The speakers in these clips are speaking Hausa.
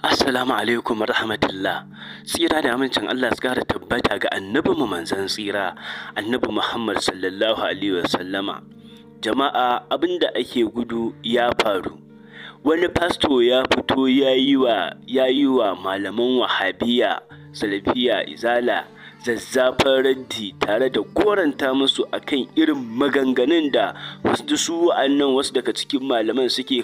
Assalamu alaikum wa rahmatullah. Tsira da amincin Allah su kara tabbata ga annabi mu manzan tsira, annabi Muhammad sallallahu alaihi sallama. Jama'a abinda ake gudu ya faru. Wani fasto ya fito ya yi wa malaman wahabiya, salafiya, izala, zazzafan raddi tare da koranta musu a kan irin maganganun da wasu su wa'annan wasu daga cikin malaman suke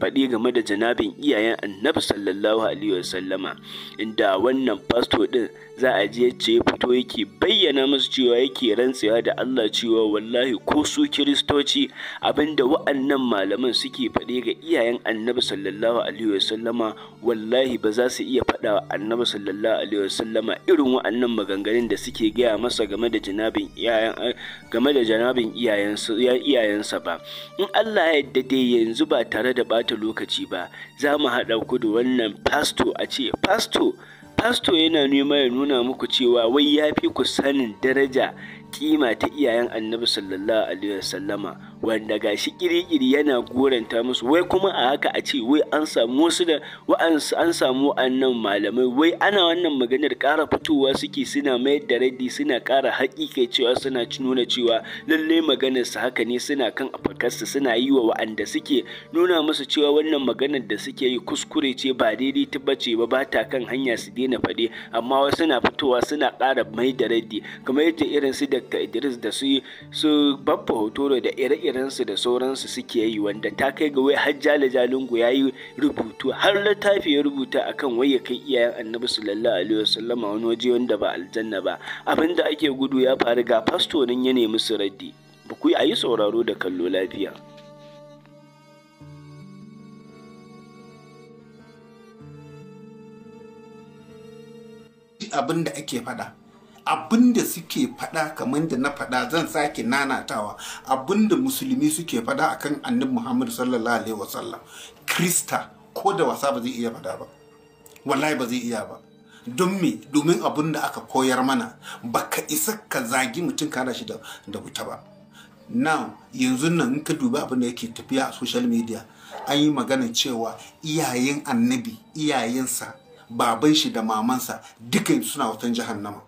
faɗi game da janabin iyayen annabi sallallahu alaihi wasallama inda wannan fasto din za a je ce fito yake bayyana musu cewa yake rantsewa da Allah cewa wallahi ko su kiristoci abinda wa'annan malaman suke faɗi ga iyayen annabi sallallahu alaihi wasallama wallahi ba za su iya faɗa wa annabi sallallahu alaihi wasallama irin wa'annan maganganun da suke gaya masa game da janabin iyayen eh, game da janabin iyayensa ba in Allah ya yarda dai yanzu ba tare da bata lokaci ba za mu haɗa ku da wannan pasto a ce pasto pasto yana nema ya nuna muku cewa wai ya fi ku sanin daraja kima ta iyayen annabi sallallahu alaihi wasallama wanda ga shi kirikiri yana goranta musu wai kuma a haka a ce wai an samu wasu da an samu annan malamai wai ana wannan maganar kara fitowa suke suna mayar da raddi suna ƙara haƙiƙa cewa suna nuna cewa lallai maganar su haka ne suna kan afakarsu suna yi wa wa'anda suke nuna musu cewa wannan maganar da suke yi kuskure ce ba daidai ta bace ba ba ta kan hanya su daina faɗe amma wasu suna fitowa suna ƙara mai da raddi kamar yadda irin su Dr. Idris da su su babba hotoro da ire-ire ire su da sauransu suke yi wanda ta kai ga wai har jale ya yi rubutu har littafi ya rubuta a kan wai ya kai iyayen annabi sallallahu alaihi wasallama wani waje wanda ba aljanna ba abinda ake gudu ya faru ga fasto nan ya nemi su raddi ba ku yi sauraro da kallo lafiya abin da ake faɗa abin da suke faɗa kamar da na faɗa zan sake nanatawa abin da musulmi suke faɗa kan annabi muhammadu sallallahu alaihi wasallam krista ko da wasa ba zai iya faɗa ba wallahi ba zai iya ba don me domin abin da aka koyar mana baka isa ka zagi mutum kada shi da wuta ba now yanzu nan in ka dubi abin da yake tafiya a social media an yi magana cewa iyayen annabi iyayensa baban shi da mamansa duka suna wutan jahannama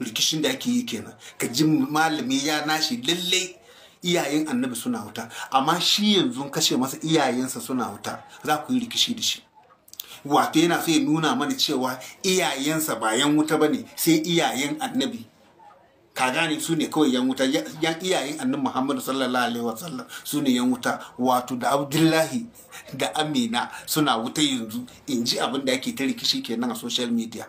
rikishin da ake yi kenan ka ji malami ya nashi lallai iyayen annabi suna wuta amma shi yanzu kashe masa iyayensa suna wuta za ku yi rikishi da shi wato yana so ya nuna mana cewa iyayensa ba yan wuta ba ne sai iyayen annabi ka gane su ne kawai yan wuta yan iyayen annabi muhammadu sallallahu alaihi wasallam su ne yan wuta wato da abdullahi da amina suna wuta yanzu in ji abin da ake ta rikishi kenan a social media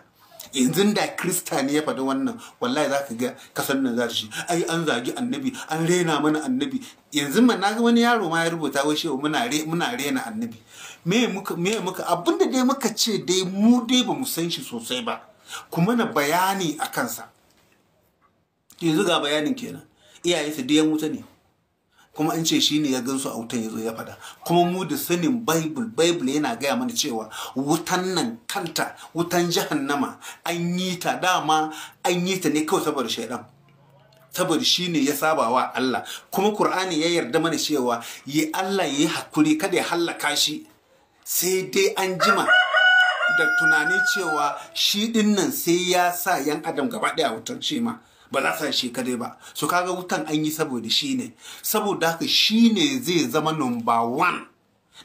yanzu da krista ne ya faɗi wannan wallahi za ka ga kasar nan za shi ai an zagi annabi an rena mana annabi yanzu ma na ga wani yaro ma ya rubuta wai shi muna muna rena annabi me muka me muka abinda dai muka ce dai mu dai ba mu san shi sosai ba kuma na bayani a kansa yanzu ga bayanin kenan iyaye su duk yan wuta ne kuma an ce shine ya gansu a wutan ya zo ya fada kuma mu da sanin bible bible yana gaya mana cewa wutan nan kanta wutan jahannama an yi ta dama an yi ta ne kawai saboda shaidan saboda shi ne ya saba wa Allah kuma Kur'ani ya yarda mana cewa yi Allah ya yi hakuri kada ya hallaka shi sai dai an jima da tunani cewa shi dinnan sai ya sa yan adam gaba daya wutar ce ma ba za su shi kadai ba so kaga wutan an yi saboda shi ne saboda haka shi ne zai zama number one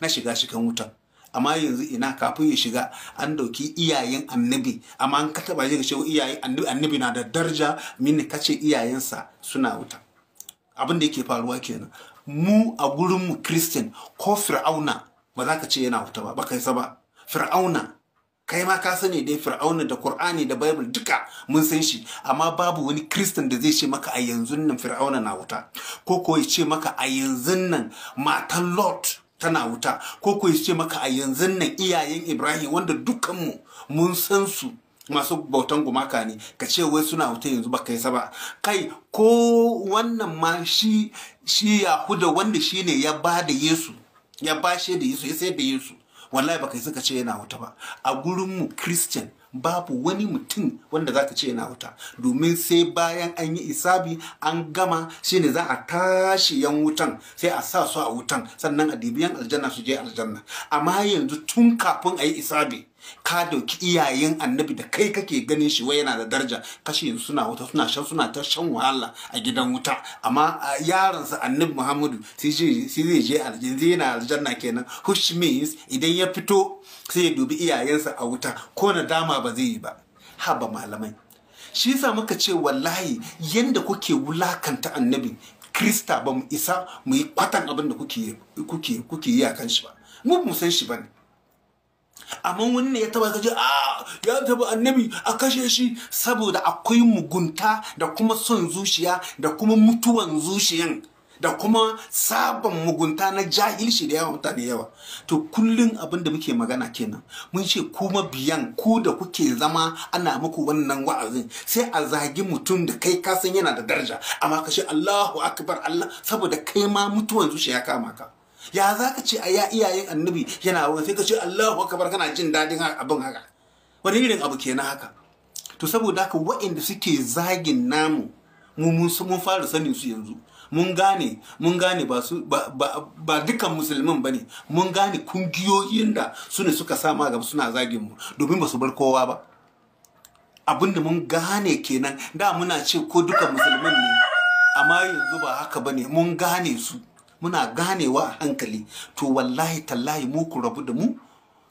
na shiga shikan wutan amma yanzu ina kafin ya shiga an dauki iyayen annabi amma an kataba ji cewa iyayen annabi na da daraja mini kace iyayensa suna wuta abin da yake faruwa kenan mu a gurin mu christian ko fir'auna ba za ka ce yana wuta ba kai sa ba fir'auna kai ma ka sani dai fir'auna da qur'ani da bible duka mun san shi amma babu wani kristan da zai ce maka a yanzu nan fir'auna na wuta ko ko ya ce maka a yanzu nan matan lot tana wuta ko ko ya ce maka a yanzu nan iyayen ibrahim wanda dukanmu mun san su masu bautan gumaka ne ka ce wai suna wuta yanzu ba kai saba? kai ko wannan ma shi shi yahuda wanda shine ya ba da yesu ya bashe da yesu ya sai da yesu wallahi baka ka ce yana wuta ba a gurin mu christian babu wani mutum wanda zaka ce yana wuta domin sai bayan an yi isabi an gama shine za a tashi yan wutan sai a sa su a wutan sannan a dibiyan aljanna su je aljanna amma yanzu tun kafin a yi isabi ka dauki iyayen annabi da kai kake ganin shi wai yana da daraja kashi yanzu suna wuta suna shan suna ta shan wahala a gidan wuta amma yaransa annabi muhammadu sai zai je aljanna yana aljanna kenan hush means idan ya fito sai ya dubi iyayensa a wuta ko na dama ba zai yi ba haba malamai shi yasa muka ce wallahi yanda kuke wulakanta annabi krista ba mu isa mu yi kwatan abin da kuke yi a kan shi ba mu san shi ba ne amma wani ne ya taba ce a ah, ya taba annabi a kashe shi saboda akwai mugunta da kuma son zuciya da kuma mutuwan zuciyan da kuma sabon mugunta na jahilci da yawa mutane yawa to kullum abin da muke magana kenan mun ce kuma biyan ku da kuke zama ana muku wannan wa'azin sai a zagi mutum da kai kasan yana da daraja amma kashe Allahu akbar Allah saboda kai ma mutuwan zuciya kama ka ya za ka ce a ya iyayen annabi yana wani sai ka ce Allahu akbar kana jin dadin abin haka wani irin abu kenan haka to saboda haka waɗanda suke zagin namu mun fara sanin su yanzu mun gane mun gane ba su ba dukkan musulmin bane mun gane kungiyoyin da su ne suka sama gaba suna zagin mu domin ba su bar kowa ba abinda mun gane kenan da muna ce ko duka musulmin ne amma yanzu ba haka bane mun gane su muna ganewa a hankali to wallahi tallahi mu ku rabu da mu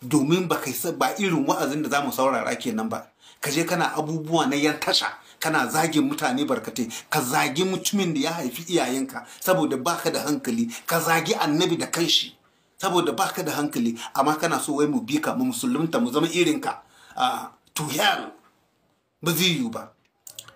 domin ba kai ba irin wa'azin da zamu saurara kenan ba ka je kana abubuwa na yan tasha kana zagin mutane barkatai ka zagi mutumin da ya haifi iyayenka saboda baka da hankali ka zagi annabi da kanshi saboda baka da hankali amma kana so wai mu bi ka mu musulunta mu zama irinka a ah, to ba zai yiwu ba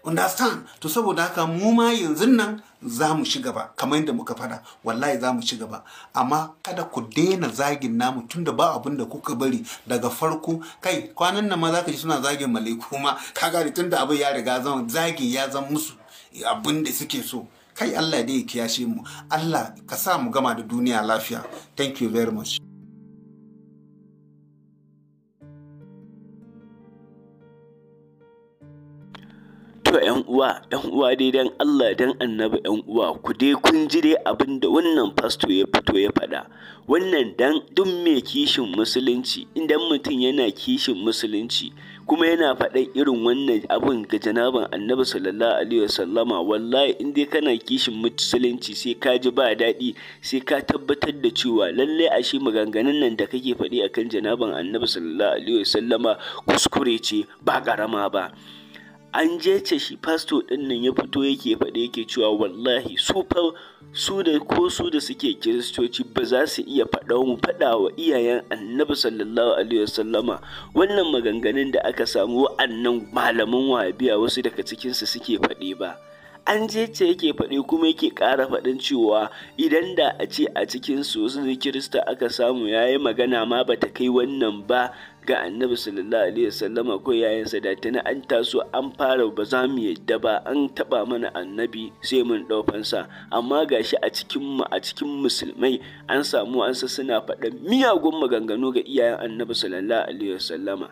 understand to saboda haka mu ma yanzu nan za mu shi gaba kamar yadda muka fada wallahi za mu ci gaba amma kada ku daina zagin namu tunda ba abin da kuka bari daga farko kai kwanan nan ma za ka ji suna zagin malaiku kuma ka gari tunda abin ya riga zama, zagi ya zan musu abin da suke so kai Allah dai ya kiyashe mu Allah ka sa mu gama da duniya lafiya thank you very much To ‘yan uwa, ‘yan uwa dai dan Allah dan annabi ‘yan uwa, ku dai kun ji dai abin da wannan fasto ya fito ya faɗa. Wannan dan duk mai kishin musulunci, idan mutum yana kishin musulunci, kuma yana faɗan irin wannan abun ga janaban annabi sallallahu alaihi wasallama wallahi in dai kana kishin musulunci sai ka ji ba daɗi sai ka tabbatar da cewa lallai ashe maganganun nan da kake faɗi akan janaban annabi sallallahu alaihi wasallama kuskure ce ba ƙarama ba. an jece shi fasto ɗin nan ya fito yake faɗi yake cewa wallahi su fa su da ko su da suke kiristoci ba za su iya faɗa mu faɗa wa iyayen annabi sallallahu alaihi wasallama wannan maganganun da aka samu wa'annan malaman wahabiya wasu daga cikinsu suke faɗi ba an je yake faɗi kuma yake ƙara faɗin cewa idan da a ce a cikin su kirista aka samu ya yi magana ma bata kai wannan ba ga annabi sallallahu alaihi wasallama ko yayansa da tana an taso an fara ba za mu yadda ba an taba mana annabi sai mun sa amma gashi a cikin mu a cikin musulmai an samu an sa suna faɗan miyagun maganganu ga iyayen annabi sallallahu alaihi wasallama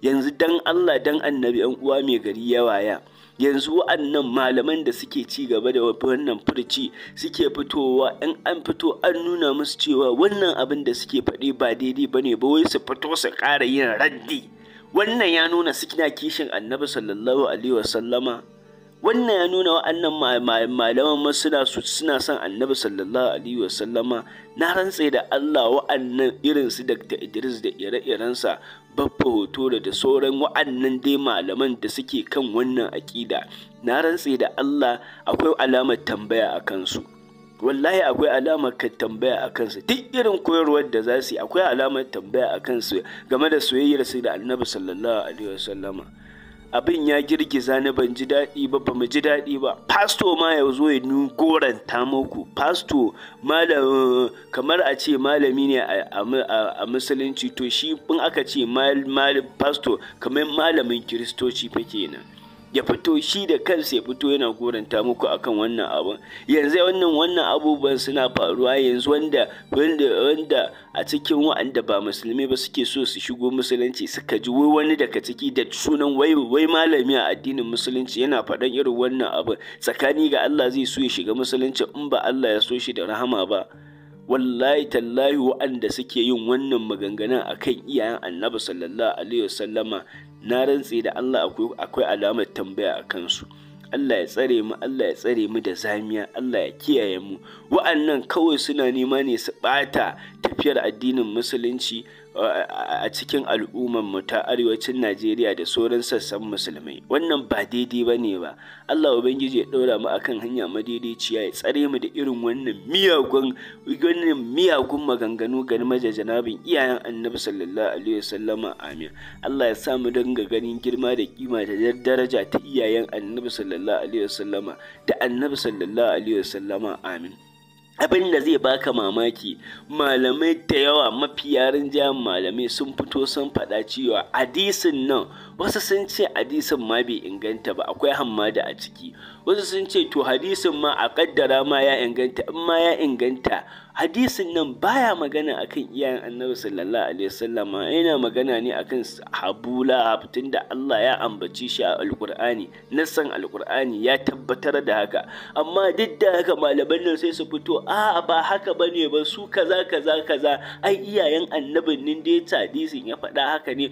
yanzu dan Allah dan annabi an uwa mai gari ya waya yanzu wa'annan malaman da suke ci gaba da wannan furci suke fitowa in an fito an nuna musu cewa wannan abin da suke faɗi ba daidai ba ne ba wai su fito su ƙara yin raddi wannan ya nuna suna kishin annabi sallallahu alaihi wasallama wannan ya nuna wa'annan malaman masuna suna son annabi sallallahu alaihi wasallama na rantse da Allah wa'annan irin su Dr. Idris da ire-irensa babba hoto da sauran wa'annan dai malaman da suke kan wannan aƙida na rantse da Allah akwai alamar tambaya a kansu wallahi akwai alamar ka tambaya a kansu duk irin koyarwar da za su yi akwai alamar tambaya a kansu game da soyayyar su da annabi sallallahu alaihi wasallama abin ya girgiza ni ban ji daɗi ba ba mu ji daɗi ba pasto ma ya zo ya goranta muku pasto malam kamar a ce malami ne a musulunci to shi in aka ce pasto kamar malamin kiristoci fa kenan ya fito shi da kansa ya fito yana goranta muku akan wannan abun yanzu wannan wannan abubuwan suna faruwa yanzu wanda wanda a cikin wa'anda ba musulmi ba suke so su shigo musulunci suka ji wai wani daga ciki da sunan wai wai malami a addinin musulunci yana faɗan irin wannan abun tsakani ga Allah zai so ya shiga musulunci in ba Allah ya so shi da rahama ba wallahi tallahi wa'anda suke yin wannan maganganun akan iyayen annabi sallallahu alaihi wasallama na rantse da Allah akwai alamar tambaya a kansu Allah ya tsare mu Allah ya tsare mu da zamiya Allah ya kiyaye mu wa'annan kawai suna nema ne su ɓata tafiyar addinin musulunci a cikin al'ummar mu ta arewacin Najeriya da sauran sassan musulmai wannan ba daidai ba ne ba Allah ubangiji ya ɗora mu akan hanya madaidaiciya ya tsare mu da irin wannan miyagun wannan miyagun maganganu ga da janabin iyayen annabi sallallahu alaihi wasallama amin Allah ya sa mu danga ganin girma da kima da daraja ta iyayen annabi sallallahu alaihi wasallama da annabi sallallahu alaihi wasallama amin abin da zai baka mamaki malamai da yawa mafi yaren rinjayen malamai sun fito sun faɗa cewa hadisin nan wasu sun ce hadisin ma bai inganta ba akwai hammada a ciki wasu sun ce to hadisin ma a kaddara ma ya inganta in ma ya inganta hadisin nan baya magana akan iyayen annabi sallallahu alaihi wasallam yana magana ne akan habula tun da Allah ya ambaci shi a Alkur'ani nassan Alkur'ani ya tabbatar da haka amma duk da haka malaman nan sai su fito a ba haka bane ba su kaza kaza kaza ai iyayen annabin nin da hadisin ya faɗa haka ne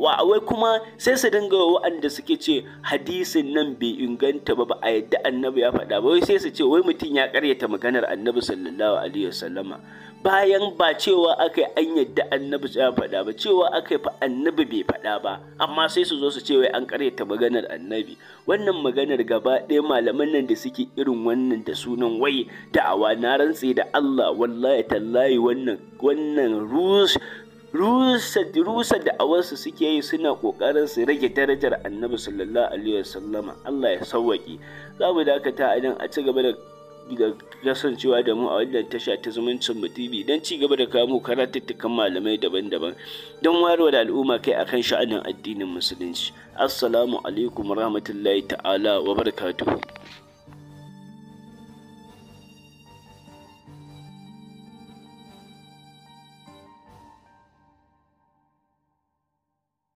wai kuma sai su dinga wa'anda suke ce hadisin nan bai inganta ba ba a yadda annabi ya faɗa ba wai sai su ce wai mutum ya karyata maganar annabi sallallahu alaihi sallama bayan ba cewa aka yi an yadda annabi ya faɗa ba cewa aka yi fa annabi bai faɗa ba amma sai su zo su ce wai an karyata maganar annabi wannan maganar gaba ɗaya malaman nan da suke irin wannan da sunan wai da'awa na rantse da Allah wallahi tallahi wannan wannan rus rusa rusa awansu suke yi suna kokarin su rage darajar annabi sallallahu alaihi wasallama Allah ya sauwaƙe za mu dakata a nan a ci gaba da da kasancewa da mu a wannan tasha ta zumuncin mu TV don ci gaba da kawo karatuttukan malamai daban-daban don wayarwa da al'umma kai a kan sha'anin addinin musulunci assalamu alaikum rahmatullahi ta'ala wa barakatuhu